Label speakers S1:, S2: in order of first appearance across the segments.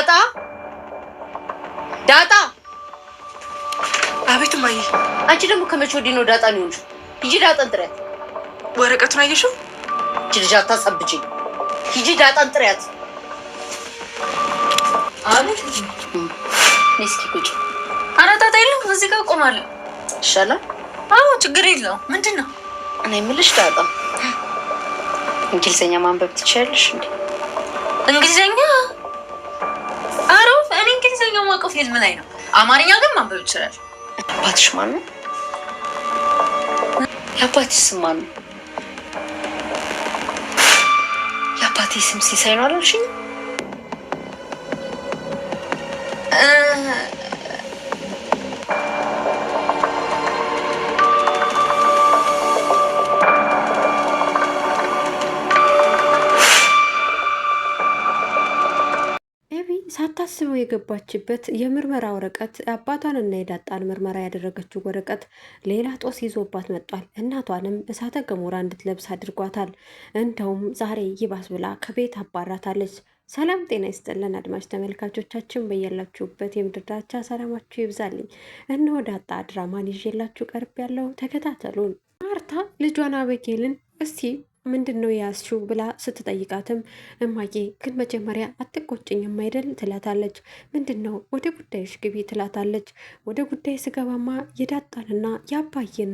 S1: ዳጣ ዳጣ! አቤት እማዬ። አንቺ ደግሞ ከመቼ ወዲህ ነው ዳጣ ነው እንጂ? ሂጂ ዳጣን ጥሪያት።
S2: ወረቀቱን አየሽው?
S1: እቺ ልጅ አታሳብጪ። ሂጂ ዳጣን ጥሪያት። አቤት። እስኪ ቁጭ።
S3: ኧረ ዳጣ የለም እዚህ ጋር እቆማለሁ። ይሻላል። አዎ ችግር የለው። ምንድን ነው
S1: እኔ የምልሽ ዳጣ፣ እንግሊዘኛ ማንበብ ትችያለሽ እንዴ?
S3: እንግሊዘኛ የማውቀው ፊልም ላይ ነው። አማርኛ ግን ማንበብ ይችላል።
S1: አባትሽ ማን ነው? የአባትሽ ስም ማን ነው? የአባቴ ስም ሲሳይ ነው አላልሽኝ?
S4: ሳታስበው የገባችበት የምርመራ ወረቀት አባቷንና የዳጣን ምርመራ ያደረገችው ወረቀት ሌላ ጦስ ይዞባት መጧል። እናቷንም እሳተ ገሞራ እንድትለብስ አድርጓታል። እንደውም ዛሬ ይባስ ብላ ከቤት አባራታለች። ሰላም ጤና ይስጥልን አድማጭ ተመልካቾቻችን፣ በያላችሁበት የምድር ዳርቻ ሰላማችሁ ይብዛልኝ። እነሆ ዳጣ ድራማን ይዤላችሁ ቀርብ ያለው ተከታተሉን። ማርታ ልጇን አበጌልን እስቲ ምንድን ነው የያዝሽው ብላ ስትጠይቃትም እማዬ ግን መጀመሪያ አትቆጭኝም አይደል ትላታለች። ምንድን ነው ወደ ጉዳይሽ ግቢ ትላታለች። ወደ ጉዳይ ስገባማ የዳጣንና የአባዬን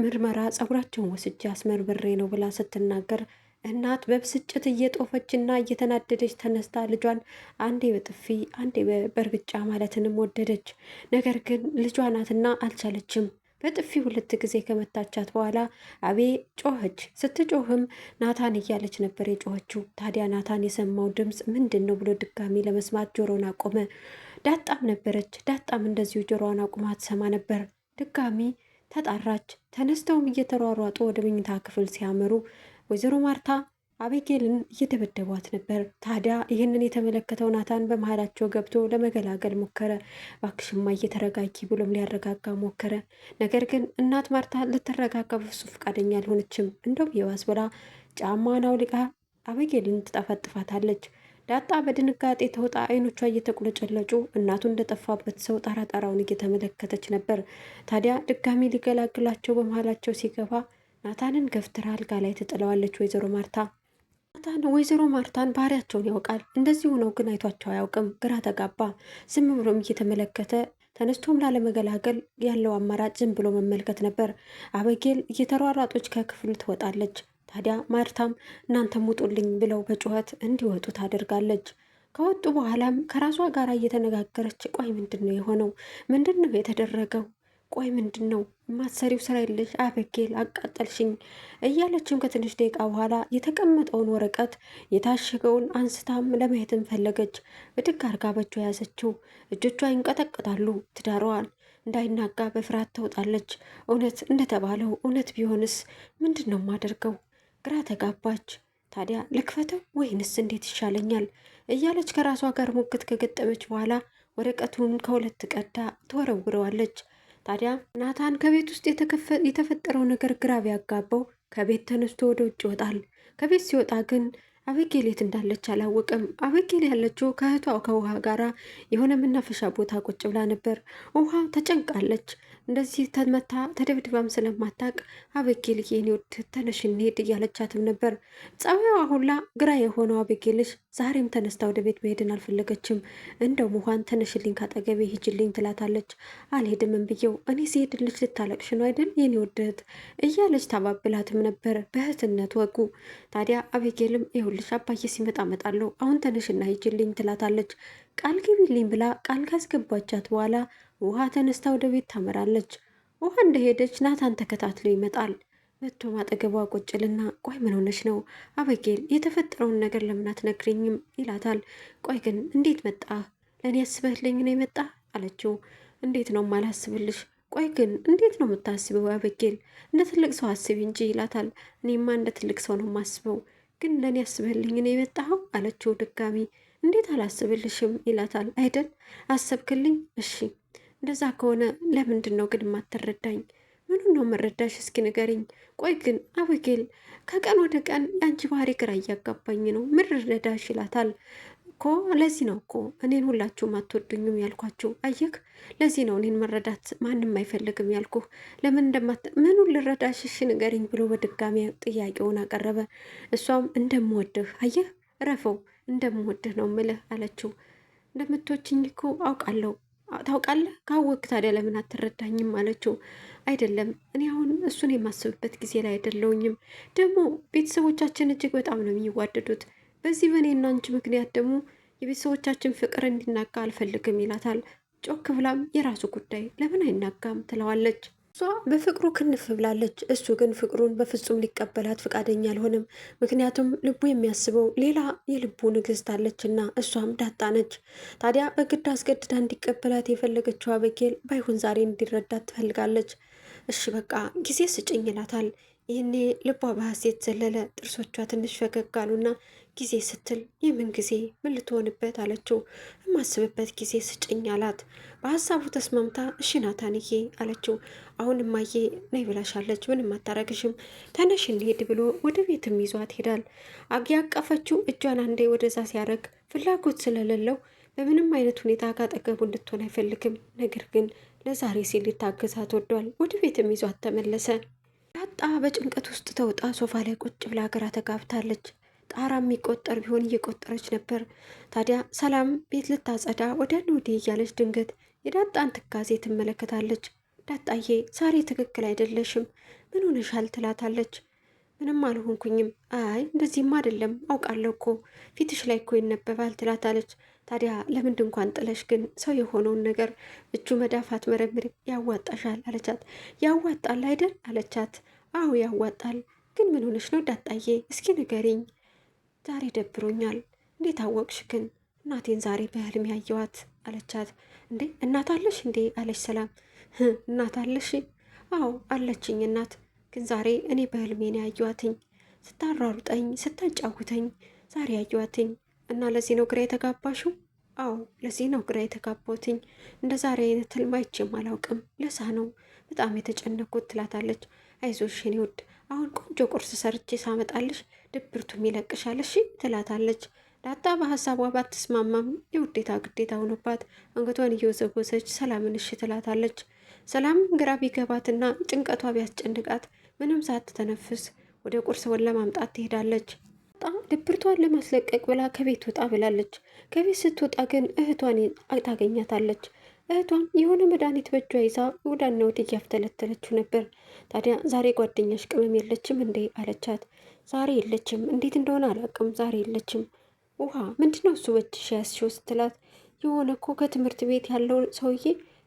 S4: ምርመራ ጸጉራቸውን ወስጄ አስመርብሬ ነው ብላ ስትናገር እናት በብስጭት እየጦፈችና እየተናደደች ተነስታ ልጇን አንዴ በጥፊ አንዴ በርግጫ ማለትንም ወደደች። ነገር ግን ልጇ ናትና አልቻለችም። በጥፊ ሁለት ጊዜ ከመታቻት በኋላ አቤ ጮኸች። ስትጮህም ናታን እያለች ነበር የጮኸችው። ታዲያ ናታን የሰማው ድምፅ ምንድን ነው ብሎ ድጋሚ ለመስማት ጆሮን አቆመ። ዳጣም ነበረች። ዳጣም እንደዚሁ ጆሮዋን አቁማ ትሰማ ነበር። ድጋሚ ተጣራች። ተነስተውም እየተሯሯጡ ወደ መኝታ ክፍል ሲያመሩ ወይዘሮ ማርታ አቤጌልን እየደበደቧት ነበር። ታዲያ ይህንን የተመለከተው ናታን በመሀላቸው ገብቶ ለመገላገል ሞከረ። እባክሽማ እየተረጋጊ ብሎም ሊያረጋጋ ሞከረ። ነገር ግን እናት ማርታ ልትረጋጋ በፍጹም ፈቃደኛ አልሆነችም። እንደውም የዋስ ብላ ጫማዋን አውልቃ አቤጌልን ትጣፈጥፋታለች። ዳጣ በድንጋጤ ተውጣ አይኖቿ እየተቁለጨለጩ እናቱ እንደጠፋበት ሰው ጣራ ጣራውን እየተመለከተች ነበር። ታዲያ ድጋሚ ሊገላግላቸው በመሀላቸው ሲገባ ናታንን ገፍትራ አልጋ ላይ ትጥለዋለች ወይዘሮ ማርታ። ናታን ወይዘሮ ማርታን ባህሪያቸውን ያውቃል። እንደዚህ ሆነው ግን አይቷቸው አያውቅም። ግራ ተጋባ። ዝም ብሎም እየተመለከተ ተነስቶም ላለመገላገል ያለው አማራጭ ዝም ብሎ መመልከት ነበር። አበጌል እየተሯሯጦች ከክፍሉ ትወጣለች። ታዲያ ማርታም እናንተም ውጡልኝ ብለው በጩኸት እንዲወጡ ታደርጋለች። ከወጡ በኋላም ከራሷ ጋር እየተነጋገረች ቆይ ምንድን ነው የሆነው? ምንድን ነው የተደረገው? ቆይ ምንድን ነው የማትሰሪው ስራ የለሽ? አበጌል አቃጠልሽኝ እያለችም ከትንሽ ደቂቃ በኋላ የተቀመጠውን ወረቀት የታሸገውን አንስታም ለማየትም ፈለገች። ብድግ አርጋ በእጇ የያዘችው እጆቿ ይንቀጠቀጣሉ። ትዳሯዋን እንዳይናጋ በፍርሃት ተውጣለች። እውነት እንደተባለው እውነት ቢሆንስ ምንድን ነው የማደርገው? ግራ ተጋባች። ታዲያ ልክፈተው ወይንስ እንዴት ይሻለኛል እያለች ከራሷ ጋር ሙግት ከገጠመች በኋላ ወረቀቱን ከሁለት ቀዳ ትወረውረዋለች። ታዲያ ናታን ከቤት ውስጥ የተፈጠረው ነገር ግራ ቢያጋባው ከቤት ተነስቶ ወደ ውጭ ይወጣል። ከቤት ሲወጣ ግን አበጌሌት የት እንዳለች አላወቅም። አበጌል ያለችው ከእህቷ ከውሃ ጋራ የሆነ መናፈሻ ቦታ ቁጭ ብላ ነበር። ውሃ ተጨንቃለች። እንደዚህ ተመታ ተደብድባም ስለማታቅ አቤጌል የኔ ውድ ተነሽ እንሄድ እያለቻትም ነበር። ጸባዩ አሁላ ግራ የሆነው አቤጌልሽ ዛሬም ተነስታ ወደ ቤት መሄድን አልፈለገችም። እንደው ሙኋን ተነሽልኝ፣ ካጠገቤ ሂጅልኝ ትላታለች። አልሄድምም ብዬው እኔ ሲሄድልሽ ልታለቅሽ ነው አይደል የኔ ውድ እህት እያለች ታባብላትም ነበር በእህትነት ወጉ። ታዲያ አቤጌልም ይኸውልሽ አባዬ ሲመጣ እመጣለሁ፣ አሁን ተነሽና ሂጅልኝ ትላታለች። ቃል ግቢልኝ ብላ ቃል ካስገባቻት በኋላ ውሃ ተነስታ ወደ ቤት ታመራለች። ውሃ እንደሄደች ናታን ተከታትሎ ይመጣል። መቶም አጠገቧ ቁጭልና ቆይ ምን ሆነች ነው አበጌል፣ የተፈጠረውን ነገር ለምን አትነግሪኝም? ይላታል። ቆይ ግን እንዴት መጣ? ለእኔ ያስበህልኝ ነው የመጣ አለችው። እንዴት ነው ማላስብልሽ? ቆይ ግን እንዴት ነው የምታስበው አበጌል? እንደ ትልቅ ሰው አስቢ እንጂ ይላታል። እኔማ እንደ ትልቅ ሰው ነው የማስበው፣ ግን ለእኔ ያስብህልኝ ነው የመጣኸው አለችው ድጋሚ። እንዴት አላስብልሽም? ይላታል። አይደል አሰብክልኝ? እሺ እንደዛ ከሆነ ለምንድን ነው ግን ማትረዳኝ? ምኑ ነው መረዳሽ? እስኪ ንገርኝ። ቆይ ግን አብጌል ከቀን ወደ ቀን የአንቺ ባህሪ ግራ እያጋባኝ ነው። ምን ረዳሽ ይላታል እኮ። ለዚህ ነው እኮ እኔን ሁላችሁም አትወዱኝም ያልኳችሁ። አየክ፣ ለዚህ ነው እኔን መረዳት ማንም አይፈልግም ያልኩ። ለምን እንደማት ምኑን ልረዳሽ? እሺ ንገርኝ ብሎ በድጋሚ ጥያቄውን አቀረበ። እሷም እንደምወድህ አየህ፣ ረፈው እንደምወድህ ነው ምልህ አለችው። እንደምትወችኝ እኮ አውቃለሁ ታውቃለህ? ካወቅ ታዲያ ለምን አትረዳኝም አለችው። አይደለም እኔ አሁን እሱን የማስብበት ጊዜ ላይ አይደለውኝም። ደግሞ ቤተሰቦቻችን እጅግ በጣም ነው የሚዋደዱት። በዚህ በእኔ እና አንቺ ምክንያት ደግሞ የቤተሰቦቻችን ፍቅር እንዲናጋ አልፈልግም ይላታል። ጮክ ብላም የራሱ ጉዳይ ለምን አይናጋም ትለዋለች። እሷ በፍቅሩ ክንፍ ብላለች። እሱ ግን ፍቅሩን በፍጹም ሊቀበላት ፈቃደኛ አልሆነም። ምክንያቱም ልቡ የሚያስበው ሌላ የልቡ ንግስት አለችና እሷም ዳጣ ነች። ታዲያ በግድ አስገድዳ እንዲቀበላት የፈለገችው አበጌል ባይሆን ዛሬ እንዲረዳት ትፈልጋለች። እሺ በቃ ጊዜ ስጭኝ ይላታል። ይህኔ ልቧ በሐሴት ዘለለ። ጥርሶቿ ትንሽ ፈገግ አሉና ጊዜ ስትል የምን ጊዜ ምን ልትሆንበት አለችው። የማስብበት ጊዜ ስጭኝ አላት። በሀሳቡ ተስማምታ እሺ ናታንዬ አለችው። አሁን እማዬ ነይ ብላሻለች፣ ምንም አታረግሽም፣ ተነሽ እንሄድ ብሎ ወደ ቤትም ይዟት ሄዳል። ያቀፈችው እጇን አንዴ ወደዛ ሲያረግ ፍላጎት ስለሌለው በምንም አይነት ሁኔታ ካጠገቡ እንድትሆን አይፈልግም። ነገር ግን ለዛሬ ሲል ሊታገዛት ወዷል። ወደ ቤትም ይዟት ተመለሰ። ዳጣ በጭንቀት ውስጥ ተውጣ ሶፋ ላይ ቁጭ ብላ ግራ ተጋብታለች። ጣራ የሚቆጠር ቢሆን እየቆጠረች ነበር። ታዲያ ሰላም ቤት ልታጸዳ ወደ ወዲህ እያለች ድንገት የዳጣን ትካዜ ትመለከታለች። ዳጣዬ ዛሬ ትክክል አይደለሽም፣ ምን ሆነሻል? ትላታለች። ምንም አልሆንኩኝም። አይ እንደዚህም አይደለም አውቃለሁ እኮ ፊትሽ ላይ እኮ ይነበባል ትላታለች። ታዲያ ለምንድ እንኳን ጥለሽ ግን ሰው የሆነውን ነገር እጁ መዳፋት መረምር ያዋጣሻል አለቻት። ያዋጣል አይደል አለቻት። አዎ ያዋጣል። ግን ምን ሆነሽ ነው ዳጣዬ? እስኪ ንገሪኝ ዛሬ ደብሮኛል። እንዴት አወቅሽ ግን? እናቴን ዛሬ በህልም ያየዋት አለቻት። እንዴ እናት አለሽ እንዴ? አለች ሰላም። እናት አለሽ? አዎ አለችኝ እናት። ግን ዛሬ እኔ በህልሜን ያየዋትኝ ስታራሩጠኝ፣ ስታጫውተኝ ዛሬ ያየዋትኝ እና ለዚህ ነው ግራ የተጋባሽው? አዎ ለዚህ ነው ግራ የተጋባትኝ። እንደ ዛሬ አይነት ህልም አይቼም አላውቅም። ለሳ ነው በጣም የተጨነኩት ትላታለች። አይዞሽ የኔ ውድ አሁን ቆንጆ ቁርስ ሰርቼ ሳመጣልሽ ድብርቱም ይለቅሻል እሺ ትላታለች። ዳጣ በሀሳቧ ባትስማማም የውዴታ ግዴታ ሆኖባት አንገቷን እየወዘወዘች ሰላምን እሺ ትላታለች። ሰላም ግራ ቢገባትና ጭንቀቷ ቢያስጨንቃት ምንም ሳትተነፍስ ወደ ቁርስ ለማምጣት ትሄዳለች። ጣ ድብርቷን ለማስለቀቅ ብላ ከቤት ወጣ ብላለች። ከቤት ስትወጣ ግን እህቷን ታገኛታለች። እህቷም የሆነ መድኃኒት በእጇ ይዛ ወዳና ወዲህ እያፍተለተለችው ነበር። ታዲያ ዛሬ ጓደኛሽ ቅመም የለችም እንዴ አለቻት። ዛሬ የለችም፣ እንዴት እንደሆነ አላውቅም፣ ዛሬ የለችም። ውሃ ምንድነው እሱ በእጅሽ ያዝሽው ስትላት፣ የሆነ እኮ ከትምህርት ቤት ያለው ሰውዬ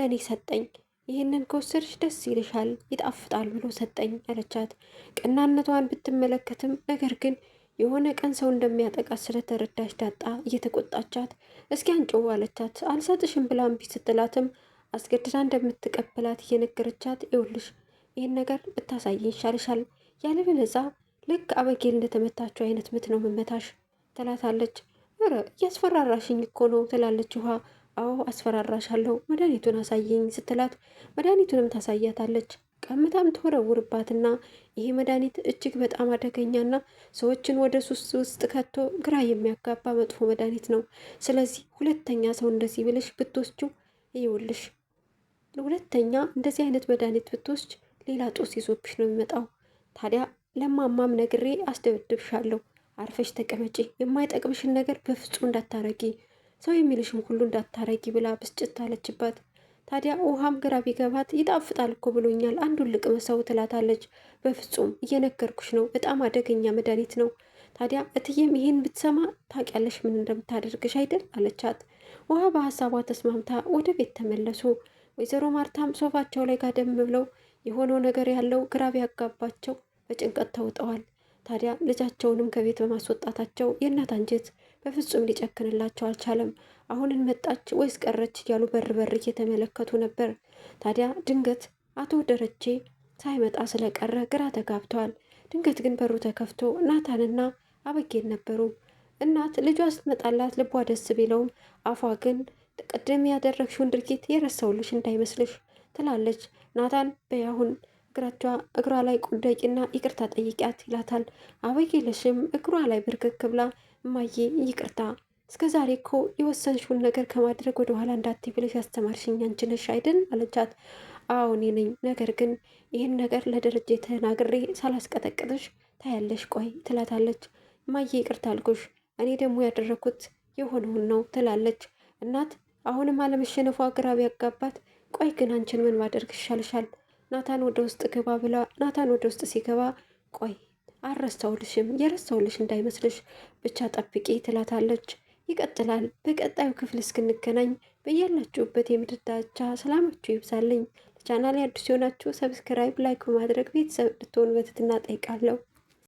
S4: ለእኔ ሰጠኝ፣ ይህንን ከወሰድሽ ደስ ይልሻል፣ ይጣፍጣል ብሎ ሰጠኝ አለቻት። ቀናነቷን ብትመለከትም ነገር ግን የሆነ ቀን ሰው እንደሚያጠቃት ስለተረዳች ዳጣ እየተቆጣቻት እስኪ አንጭው አለቻት። አልሰጥሽም ብላ እምቢ ስትላትም አስገድዳ እንደምትቀበላት እየነገረቻት ይውልሽ፣ ይህን ነገር ብታሳይ ይሻልሻል፣ ያለበለዛ ልክ አበጌል እንደተመታችው አይነት ምት ነው መመታሽ ትላታለች። ኧረ እያስፈራራሽኝ እኮ ነው ትላለች ውሃ። አዎ አስፈራራሻለሁ፣ መድኃኒቱን አሳየኝ ስትላት መድኃኒቱንም ታሳያታለች። ቀምታም ትወረውርባትና ይሄ መድኃኒት እጅግ በጣም አደገኛና ሰዎችን ወደ ሱስ ውስጥ ከቶ ግራ የሚያጋባ መጥፎ መድኃኒት ነው። ስለዚህ ሁለተኛ ሰው እንደዚህ ብለሽ ብትወስጂው ይውልሽ፣ ሁለተኛ እንደዚህ አይነት መድኃኒት ብትወስጅ ሌላ ጦስ ይዞብሽ ነው የሚመጣው። ታዲያ ለማማም ነግሬ አስደብድብሻለሁ፣ አርፈሽ ተቀመጪ፣ የማይጠቅምሽን ነገር በፍጹም እንዳታረጊ፣ ሰው የሚልሽም ሁሉ እንዳታረጊ ብላ ብስጭት አለችባት። ታዲያ ውሃም ግራ ቢገባት ይጣፍጣል እኮ ብሎኛል፣ አንዱን ልቅመሰው ትላታለች። በፍጹም እየነገርኩሽ ነው፣ በጣም አደገኛ መድኃኒት ነው። ታዲያ እትዬም ይሄን ብትሰማ ታውቂያለሽ ምን እንደምታደርግሽ አይደል አለቻት። ውሃ በሀሳቧ ተስማምታ ወደ ቤት ተመለሱ። ወይዘሮ ማርታም ሶፋቸው ላይ ጋደም ብለው የሆነው ነገር ያለው ግራ ቢያጋባቸው በጭንቀት ተውጠዋል። ታዲያ ልጃቸውንም ከቤት በማስወጣታቸው የእናት አንጀት በፍጹም ሊጨክንላቸው አልቻለም። አሁንን መጣች ወይስ ቀረች እያሉ በር በር እየተመለከቱ ነበር። ታዲያ ድንገት አቶ ደረቼ ሳይመጣ ስለቀረ ግራ ተጋብተዋል። ድንገት ግን በሩ ተከፍቶ ናታንና አበጌን ነበሩ። እናት ልጇ ስትመጣላት ልቧ ደስ ቢለውም አፏ ግን ቅድም ያደረግሽውን ድርጊት የረሳውልሽ እንዳይመስልሽ ትላለች። ናታን በያሁን እግራቿ እግሯ ላይ ቁደቂና ይቅርታ ጠይቂያት ይላታል። አበጌለሽም እግሯ ላይ ብርክክ ብላ እማዬ ይቅርታ እስከ ዛሬ እኮ የወሰንሽውን ነገር ከማድረግ ወደ ኋላ እንዳትይ ብለሽ ያስተማርሽኝ አንቺ ነሽ አይደል? አለቻት። አዎ እኔ ነኝ። ነገር ግን ይህን ነገር ለደረጀ ተናግሬ ሳላስቀጠቅጥሽ ታያለሽ፣ ቆይ ትላታለች። ማየ ይቅርታ አልኩሽ፣ እኔ ደግሞ ያደረኩት የሆነውን ነው ትላለች። እናት አሁንም አለመሸነፏ ግራ ቢያጋባት፣ ቆይ ግን አንቺን ምን ማድረግ ይሻልሻል? ናታን ወደ ውስጥ ግባ ብላ ናታን ወደ ውስጥ ሲገባ ቆይ አረስተውልሽም የረስተውልሽ እንዳይመስልሽ ብቻ ጠብቂ ትላታለች። ይቀጥላል። በቀጣዩ ክፍል እስክንገናኝ በያላችሁበት የምድር ዳርቻ ሰላማችሁ ይብዛልኝ። ለቻናል አዲስ የሆናችሁ ሰብስክራይብ፣ ላይክ በማድረግ ቤተሰብ እንድትሆኑ በትህትና ጠይቃለሁ።